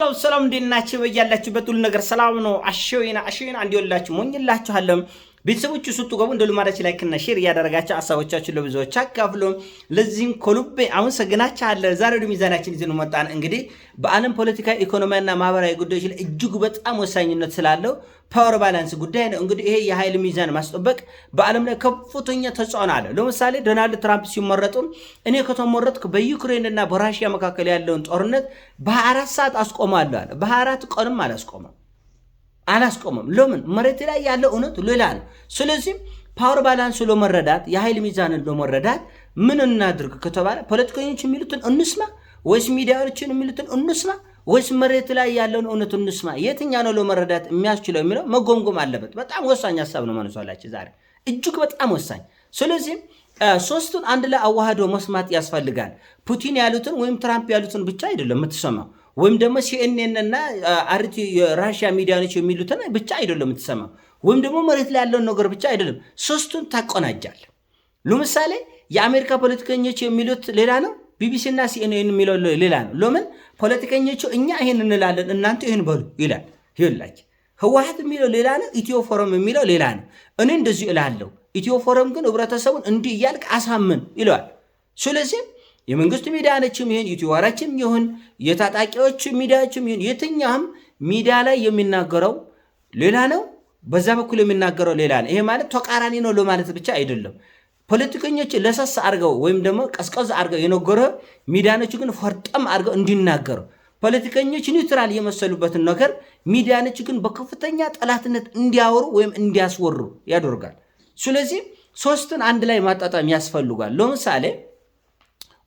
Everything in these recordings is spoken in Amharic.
ሰላም ሰላም፣ እንዴት ናችሁ? በያላችሁበት ሁሉ ነገር ሰላም ነው። አሸወይና አሸወይና እንዲወላችሁ ሞኝላችኋለሁ። ቤተሰቦች ውስጥ ገቡ እንደ ልማዳችን ላይክና ሼር እያደረጋቸው ሀሳቦቻችን ለብዙዎች አካፍሎ ለዚህም ከልቤ አሁን አለ። ዛሬ ወደ ሚዛናችን ይዘን መጣን። እንግዲህ በዓለም ፖለቲካ፣ ኢኮኖሚያና ማህበራዊ ጉዳዮች ላይ እጅግ በጣም ወሳኝነት ስላለው ፓወር ባላንስ ጉዳይ ነው። እንግዲህ ይሄ የኃይል ሚዛን ማስጠበቅ በዓለም ላይ ከፍተኛ ተጽዕኖ አለ። ለምሳሌ ዶናልድ ትራምፕ ሲመረጡ እኔ ከተመረጥኩ በዩክሬንና በራሽያ መካከል ያለውን ጦርነት በ24 ሰዓት አስቆማለሁ አለ። በ24 ቀንም አላስቆመም። አላስቆመም። ለምን? መሬት ላይ ያለው እውነት ሌላ ነው። ስለዚህም ፓወር ባላንስ ለመረዳት የኃይል ሚዛንን ለመረዳት ምን እናድርግ ከተባለ ፖለቲከኞች የሚሉትን እንስማ ወይስ ሚዲያዎችን የሚሉትን እንስማ ወይስ መሬት ላይ ያለውን እውነት እንስማ? የትኛ ነው ለመረዳት የሚያስችለው የሚለው መጎምጎም አለበት። በጣም ወሳኝ ሀሳብ ነው ማነሷላችሁ ዛሬ እጅግ በጣም ወሳኝ። ስለዚህም ሶስቱን አንድ ላይ አዋህዶ መስማት ያስፈልጋል። ፑቲን ያሉትን ወይም ትራምፕ ያሉትን ብቻ አይደለም የምትሰማው ወይም ደግሞ ሲኤንኤን እና አርቲ ራሽያ ነች የሚሉትን ብቻ አይደለም የምትሰማ ወይም ደግሞ መሬት ላይ ያለውን ነገር ብቻ አይደለም፣ ሶስቱን ታቆናጃል። ለምሳሌ የአሜሪካ ፖለቲከኞች የሚሉት ሌላ ነው፣ ቢቢሲና ሲኤንኤን የሚለው ሌላ ነው። ለምን ፖለቲከኞቹ እኛ ይሄን እንላለን እናንተ ይህን በሉ ይላል። ይላች ህወሀት የሚለው ሌላ ነው፣ ኢትዮ ፎረም የሚለው ሌላ ነው። እኔ እንደዚሁ እላለሁ። ኢትዮ ፎረም ግን ህብረተሰቡን እንዲህ እያልቅ አሳምን ይለዋል። ስለዚህም የመንግስቱ ሚዲያ ነችም ይሁን ኢትዮ ይሁን የታጣቂዎች ሚዲያችም ይሁን የትኛም ሚዲያ ላይ የሚናገረው ሌላ ነው፣ በዛ በኩል የሚናገረው ሌላ ነው። ይሄ ማለት ተቃራኒ ነው ለማለት ብቻ አይደለም። ፖለቲከኞች ለሰስ አድርገው ወይም ደግሞ ቀዝቀዝ አድርገው የነገረ ሚዲያኖች ግን ፈርጠም አድርገው እንዲናገሩ ፖለቲከኞች ኒውትራል የመሰሉበትን ነገር ሚዲያኖች ግን በከፍተኛ ጠላትነት እንዲያወሩ ወይም እንዲያስወሩ ያደርጋል። ስለዚህ ሶስትን አንድ ላይ ማጣጣም ያስፈልጋል። ለምሳሌ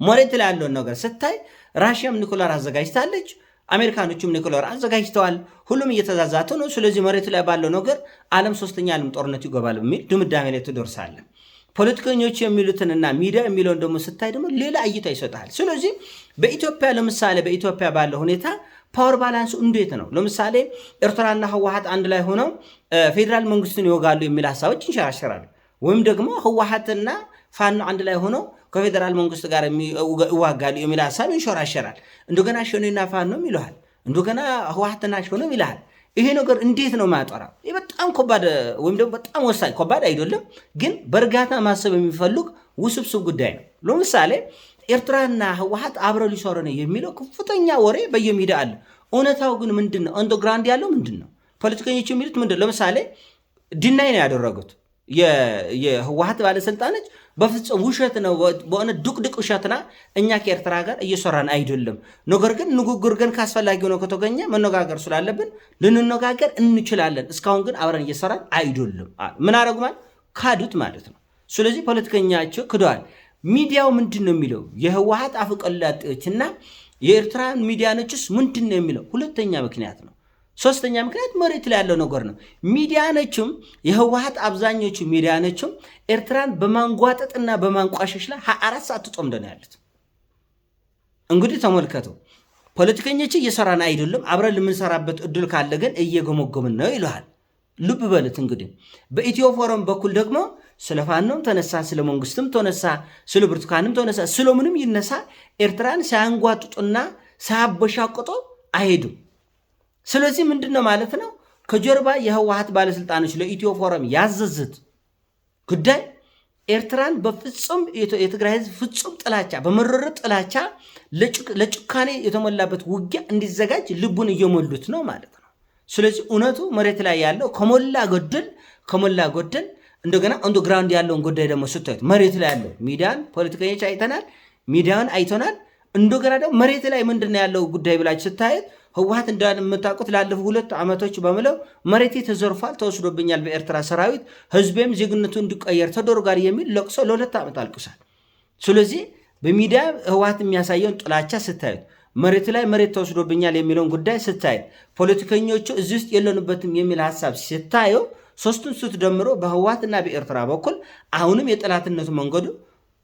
መሬት ላይ ያለውን ነገር ስታይ ራሽያም ኒኩለር አዘጋጅታለች፣ አሜሪካኖቹም ኒኩለር አዘጋጅተዋል። ሁሉም እየተዛዛተ ነው። ስለዚህ መሬት ላይ ባለው ነገር ዓለም ሶስተኛ ዓለም ጦርነት ይገባል በሚል ድምዳሜ ላይ ትደርሳለን። ፖለቲከኞች የሚሉትንና ሚዲያ የሚለውን ደግሞ ስታይ ደግሞ ሌላ እይታ ይሰጣል። ስለዚህ በኢትዮጵያ ለምሳሌ በኢትዮጵያ ባለው ሁኔታ ፓወር ባላንሱ እንዴት ነው? ለምሳሌ ኤርትራና ህወሀት አንድ ላይ ሆነው ፌዴራል መንግስቱን ይወጋሉ የሚል ሀሳቦች ይንሸራሸራሉ። ወይም ደግሞ ህወሓትና ፋኖ አንድ ላይ ሆኖ ከፌደራል መንግስት ጋር ይዋጋሉ የሚል ሀሳብ ይንሸራሸራል። እንደገና ሸኔና ፋኖም ይልሃል፣ እንደገና ህወሓትና ሸኖም ይልሃል። ይሄ ነገር እንዴት ነው ማጠራው? በጣም ከባድ ወይም ደግሞ በጣም ወሳኝ ከባድ አይደለም ግን በእርጋታ ማሰብ የሚፈልግ ውስብስብ ጉዳይ ነው። ለምሳሌ ኤርትራና ህወሓት አብረው ሊሰሩ ነው የሚለው ከፍተኛ ወሬ በየሚዲያ አለ። እውነታው ግን ምንድን ነው? አንደርግራውንድ ያለው ምንድን ነው? ፖለቲከኞች የሚሉት ምንድን ነው? ለምሳሌ ዲናይ ነው ያደረጉት የህወሀት ባለስልጣኖች በፍጹም ውሸት ነው፣ በሆነ ዱቅዱቅ ውሸት ና እኛ ከኤርትራ ጋር እየሰራን አይደለም። ነገር ግን ንግግር ግን ካስፈላጊ ሆኖ ከተገኘ መነጋገር ስላለብን ልንነጋገር እንችላለን። እስካሁን ግን አብረን እየሰራን አይደለም። ምን አረጉ ማለት ካዱት ማለት ነው። ስለዚህ ፖለቲከኛቸው ክደዋል። ሚዲያው ምንድን ነው የሚለው? የህወሀት እና የኤርትራ ሚዲያኖችስ ምንድን ነው የሚለው? ሁለተኛ ምክንያት ነው። ሶስተኛ ምክንያት መሬት ላይ ያለው ነገር ነው። ሚዲያኖቹም የህወሀት አብዛኞቹ ሚዲያኖቹም ኤርትራን በማንጓጠጥና በማንቋሸሽ ላይ ሀያ ሰዓት ጾምደ ነው ያሉት። እንግዲህ ተመልከቱ፣ ፖለቲከኞች እየሰራን አይደለም፣ አብረን የምንሰራበት እድል ካለ ግን እየጎመጎምን ነው ይለሃል። ልብ በሉት እንግዲህ በኢትዮ ፎረም በኩል ደግሞ ስለ ፋኖም ተነሳ፣ ስለ መንግስትም ተነሳ፣ ስለ ብርቱካንም ተነሳ፣ ስለምንም ይነሳ ኤርትራን ሳያንጓጥጡና ሳያበሻቅጦ አይሄዱም። ስለዚህ ምንድን ነው ማለት ነው ከጀርባ የህወሀት ባለስልጣኖች ለኢትዮ ፎረም ያዘዝት ጉዳይ ኤርትራን በፍጹም የትግራይ ህዝብ ፍጹም ጥላቻ በመረረ ጥላቻ ለጭካኔ የተሞላበት ውጊያ እንዲዘጋጅ ልቡን እየሞሉት ነው ማለት ነው። ስለዚህ እውነቱ መሬት ላይ ያለው ከሞላ ጎደል ከሞላ ጎደል እንደገና አንደርግራውንድ ያለውን ጉዳይ ደግሞ ስታዩት መሬት ላይ ያለው ሚዲያን ፖለቲከኞች አይተናል፣ ሚዲያን አይተናል። እንደገና ደግሞ መሬት ላይ ምንድን ነው ያለው ጉዳይ ብላችሁ ስታዩት ህወሀት እንደምታውቁት ላለፉ ሁለት ዓመቶች በምለው መሬቴ ተዘርፏል፣ ተወስዶብኛል በኤርትራ ሰራዊት፣ ህዝቤም ዜግነቱ እንዲቀየር ተደርጓል የሚል ለቅሶ ለሁለት ዓመት አልቅሷል። ስለዚህ በሚዲያ ህወሀት የሚያሳየውን ጥላቻ ስታዩት፣ መሬት ላይ መሬት ተወስዶብኛል የሚለውን ጉዳይ ስታዩት፣ ፖለቲከኞቹ እዚህ ውስጥ የለንበትም የሚል ሀሳብ ስታየው፣ ሶስቱን ስትደምሮ በህወሀትና በኤርትራ በኩል አሁንም የጠላትነቱ መንገዱ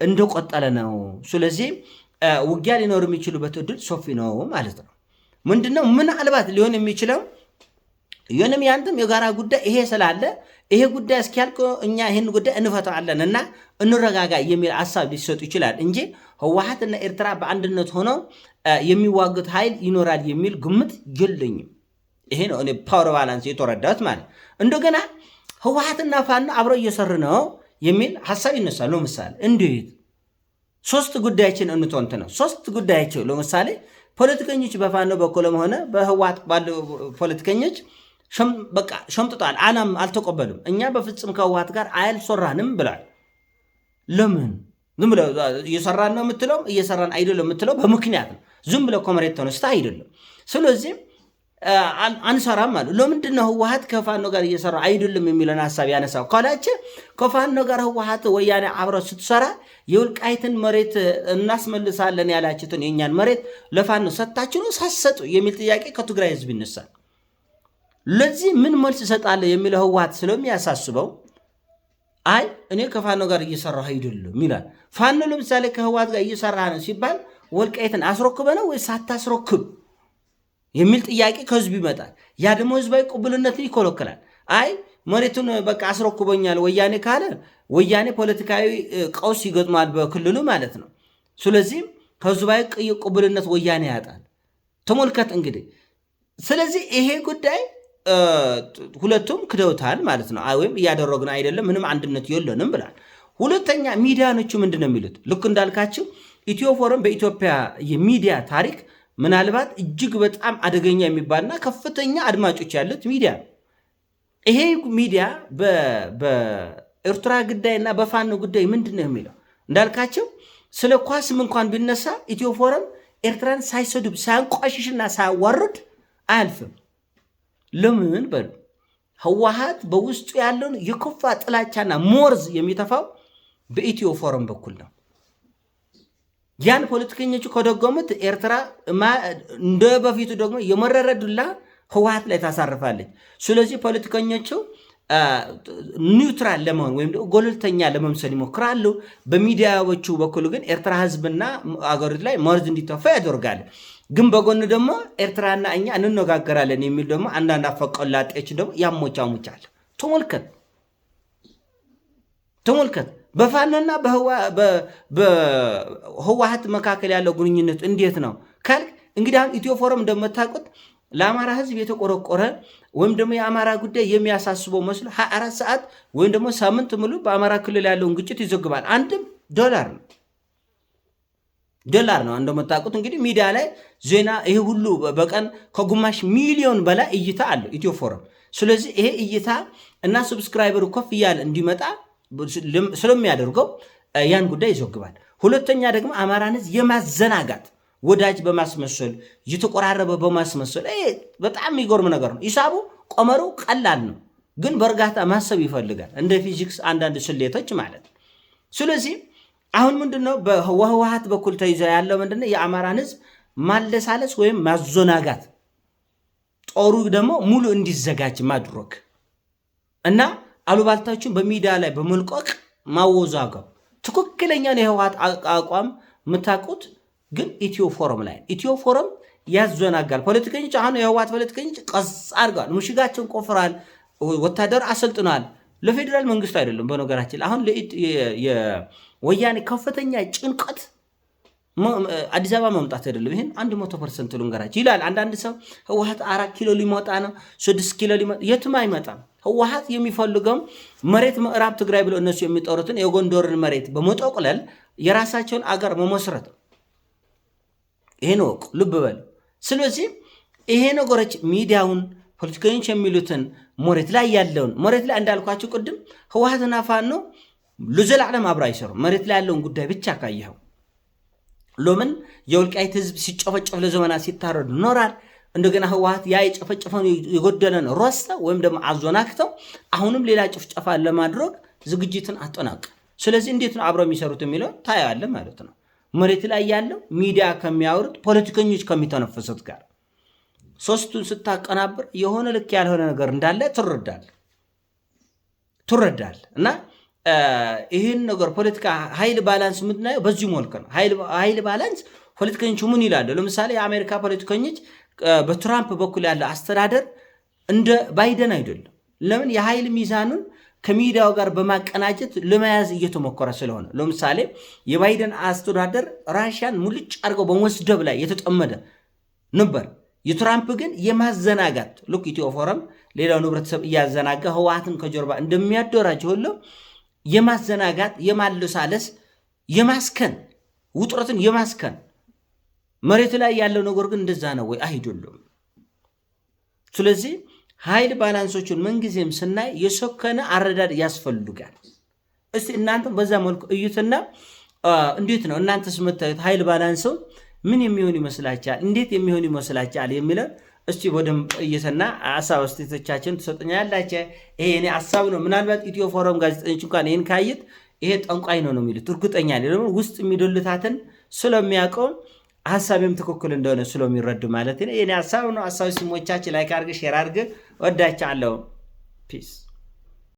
እንደቆጠለ ነው። ስለዚህ ውጊያ ሊኖር የሚችሉበት እድል ሰፊ ነው ማለት ነው። ምንድነው ምናልባት ሊሆን የሚችለው የሆንም ያንተም የጋራ ጉዳይ ይሄ ስላለ ይሄ ጉዳይ እስኪያልቅ እኛ ይህን ጉዳይ እንፈታዋለን እና እንረጋጋ የሚል ሀሳብ ሊሰጡ ይችላል እንጂ ህወሓትና ኤርትራ በአንድነት ሆነው የሚዋጉት ኃይል ይኖራል የሚል ግምት የለኝም። ይሄ ነው እኔ ፓወር ባላንስ የተረዳሁት ማለት። እንደገና ህወሓትና ፋኖ አብረው እየሰሩ ነው የሚል ሀሳብ ይነሳል። ለምሳሌ እንዴት ሶስት ጉዳያችን እንትንት ነው ሶስት ጉዳያቸው ለምሳሌ ፖለቲከኞች በፋኖ በኩልም ሆነ በህወሓት ባሉ ፖለቲከኞች በቃ ሸምጥጠዋል። አናም አልተቆበሉም። እኛ በፍጹም ከህወሓት ጋር አያልሰራንም ብሏል። ለምን ዝም ብሎ እየሰራን ነው የምትለው? እየሰራን አይደለም የምትለው በምክንያት ነው። ዝም ብሎ ከመሬት ተነስታ አይደለም። ስለዚህም አንሰራም አሉ። ለምንድን ነው ህወሀት ከፋኖ ጋር እየሰራ አይደለም የሚለን ሀሳብ ያነሳው ካላች ከፋኖ ጋር ህወሀት ወያኔ አብረ ስትሰራ የውልቃይትን መሬት እናስመልሳለን ያላችሁትን የእኛን መሬት ለፋኖ ሰታችሁ ነው ሳሰጡ የሚል ጥያቄ ከትግራይ ህዝብ ይነሳል። ለዚህ ምን መልስ ይሰጣለ የሚለው ህወሀት ስለሚያሳስበው አይ እኔ ከፋኖ ጋር እየሰራ አይደለም ይላል። ፋኖ ለምሳሌ ከህወሀት ጋር እየሰራ ነው ሲባል ወልቃይትን አስረክበ ነው ወይ ሳታስረክብ የሚል ጥያቄ ከህዝብ ይመጣል። ያ ደግሞ ህዝባዊ ቅቡልነትን ይኮለክላል። አይ መሬቱን በቃ አስረኩበኛል ወያኔ ካለ ወያኔ ፖለቲካዊ ቀውስ ይገጥማል በክልሉ ማለት ነው። ስለዚህም ከህዝባዊ ቅቡልነት ወያኔ ያጣል። ተመልከት እንግዲህ ስለዚህ ይሄ ጉዳይ ሁለቱም ክደውታል ማለት ነው። ወይም እያደረግን አይደለም ምንም አንድነት የለንም ብላል። ሁለተኛ ሚዲያኖቹ ምንድን ነው የሚሉት? ልክ እንዳልካቸው ኢትዮ ፎረም በኢትዮጵያ የሚዲያ ታሪክ ምናልባት እጅግ በጣም አደገኛ የሚባልና ከፍተኛ አድማጮች ያሉት ሚዲያ ነው። ይሄ ሚዲያ በኤርትራ እና በፋኖ ጉዳይ ምንድን ነው የሚለው እንዳልካቸው ስለ ኳስም እንኳን ቢነሳ ኢትዮ ፎረም ኤርትራን ሳይሰድብ ሳያንቋሽሽና ሳያዋርድ አያልፍም። ለምን በሉ ህወሓት በውስጡ ያለውን የከፋ ጥላቻና ሞርዝ የሚተፋው በኢትዮ ፎረም በኩል ነው። ያን ፖለቲከኞቹ ከደጎሙት ኤርትራ እንደ በፊቱ ደግሞ የመረረ ዱላ ህወሀት ላይ ታሳርፋለች። ስለዚህ ፖለቲከኞቹ ኒውትራል ለመሆን ወይም ጎለልተኛ ለመምሰል ይሞክራሉ። በሚዲያዎቹ በኩል ግን ኤርትራ ህዝብና አገሪቱ ላይ መርዝ እንዲተፋ ያደርጋል። ግን በጎን ደግሞ ኤርትራና እኛ እንነጋገራለን የሚል ደግሞ አንዳንድ አፈቀላጤዎች ደግሞ ያሞቻሙቻል። ተሞልከት ተሞልከት በፋኖና በህወሀት መካከል ያለው ግንኙነት እንዴት ነው ካልክ እንግዲህ አሁን ኢትዮ ፎረም እንደምታውቁት ለአማራ ህዝብ የተቆረቆረ ወይም ደግሞ የአማራ ጉዳይ የሚያሳስበው መስሎ ሀያ ሰዓት ወይም ደግሞ ሳምንት ሙሉ በአማራ ክልል ያለውን ግጭት ይዘግባል። አንድም ዶላር ነው ዶላር ነው እንደምታውቁት እንግዲህ ሚዲያ ላይ ዜና ይሄ ሁሉ በቀን ከግማሽ ሚሊዮን በላይ እይታ አለው ኢትዮ ፎረም። ስለዚህ ይሄ እይታ እና ሰብስክራይበሩ ከፍ እያለ እንዲመጣ ስለሚያደርገው ያን ጉዳይ ይዘግባል። ሁለተኛ ደግሞ አማራን ህዝብ የማዘናጋት ወዳጅ በማስመሰል የተቆራረበ በማስመሰል በጣም የሚጎርም ነገር ነው። ሂሳቡ ቆመሩ ቀላል ነው፣ ግን በእርጋታ ማሰብ ይፈልጋል። እንደ ፊዚክስ አንዳንድ ስሌቶች ማለት ነው። ስለዚህ አሁን ምንድነው በህወሀት በኩል ተይዘ ያለው ምንድነው የአማራን ህዝብ ማለሳለስ ወይም ማዘናጋት፣ ጦሩ ደግሞ ሙሉ እንዲዘጋጅ ማድረግ እና አሉባልታችሁን በሚዲያ ላይ በመልቀቅ ማወዛገብ። ትክክለኛን የህወሓት አቋም የምታውቁት ግን ኢትዮ ፎረም ላይ ኢትዮ ፎረም ያዘናጋል። ፖለቲከኞች አሁን የህወሓት ፖለቲከኞች ቀስ አድርገዋል። ምሽጋቸውን ቆፍራል። ወታደር አሰልጥኗል። ለፌዴራል መንግስቱ አይደለም። በነገራችን አሁን ወያኔ ከፍተኛ ጭንቀት አዲስ አበባ መምጣት አይደለም። ይህን አንድ መቶ ፐርሰንት ልንገራችሁ ይላል። አንዳንድ ሰው ህወሀት አራት ኪሎ ሊመጣ ነው፣ ስድስት ኪሎ ሊመጣ የትም አይመጣም። ህወሀት የሚፈልገው መሬት ምዕራብ ትግራይ ብሎ እነሱ የሚጠሩትን የጎንደርን መሬት በመጠቅለል የራሳቸውን አገር መመስረት ይሄን ወቁ፣ ልብ በሉ። ስለዚህ ይሄ ነገሮች ሚዲያውን ፖለቲከኞች የሚሉትን መሬት ላይ ያለውን መሬት ላይ እንዳልኳቸው ቅድም ህወሀትና ፋኖ ለዘላለም አብረው አይሰሩም። መሬት ላይ ያለውን ጉዳይ ብቻ ካየኸው ሎምን የወልቃይት ህዝብ ሲጨፈጨፍ ለዘመናት ሲታረድ ኖራል። እንደገና ህወሓት ያ የጨፈጨፈን የጎደለን ሮስተ ወይም ደግሞ አዞናክተው አሁንም ሌላ ጭፍጨፋ ለማድረግ ዝግጅትን አጠናቀ። ስለዚህ እንዴት ነው አብረው የሚሰሩት የሚለው ታያለ ማለት ነው። መሬት ላይ ያለው ሚዲያ ከሚያወሩት ፖለቲከኞች ከሚተነፈሱት ጋር ሶስቱን ስታቀናብር የሆነ ልክ ያልሆነ ነገር እንዳለ ትረዳል ትረዳል እና ይህን ነገር ፖለቲካ ሀይል ባላንስ የምናየው በዚሁ መልክ ነው። ሀይል ባላንስ ፖለቲከኞች ምን ይላሉ? ለምሳሌ የአሜሪካ ፖለቲከኞች በትራምፕ በኩል ያለ አስተዳደር እንደ ባይደን አይደለም። ለምን? የሀይል ሚዛኑን ከሚዲያው ጋር በማቀናጀት ለመያዝ እየተሞከረ ስለሆነ፣ ለምሳሌ የባይደን አስተዳደር ራሽያን ሙልጭ አድርገው በመስደብ ላይ የተጠመደ ነበር። የትራምፕ ግን የማዘናጋት ልክ ኢትዮ ፎረም ሌላውን ህብረተሰብ እያዘናጋ ህወሓትን ከጀርባ እንደሚያደራጅ ሁሉ የማዘናጋት የማለሳለስ የማስከን ውጥረትን የማስከን መሬት ላይ ያለው ነገር ግን እንደዛ ነው ወይ? አይደሉም። ስለዚህ ኃይል ባላንሶችን ምንጊዜም ስናይ የሰከነ አረዳድ ያስፈልጋል። እስቲ እናንተ በዛ መልኩ እዩትና እንዴት ነው እናንተ ስምታዩት ኃይል ባላንስም ምን የሚሆን ይመስላችኋል? እንዴት የሚሆን ይመስላችኋል የሚለው እስቲ ወደም እየሰና አሳብ አስተያየቶቻችን ትሰጡኛ ያላቸው ይሄ እኔ ሀሳብ ነው። ምናልባት ኢትዮ ፎረም ጋዜጠኞች እንኳን ይህን ካየት ይሄ ጠንቋይ ነው ነው የሚሉት እርግጠኛ ደግሞ ውስጥ የሚዶልታትን ስለሚያውቀው ሀሳብም ትክክል እንደሆነ ስለሚረዱ ማለት ነው። ይሄ ሀሳብ ነው። ሀሳብ ሲሞቻችን ላይክ አድርገ ሼር አድርገ ወዳቻ አለው ፒስ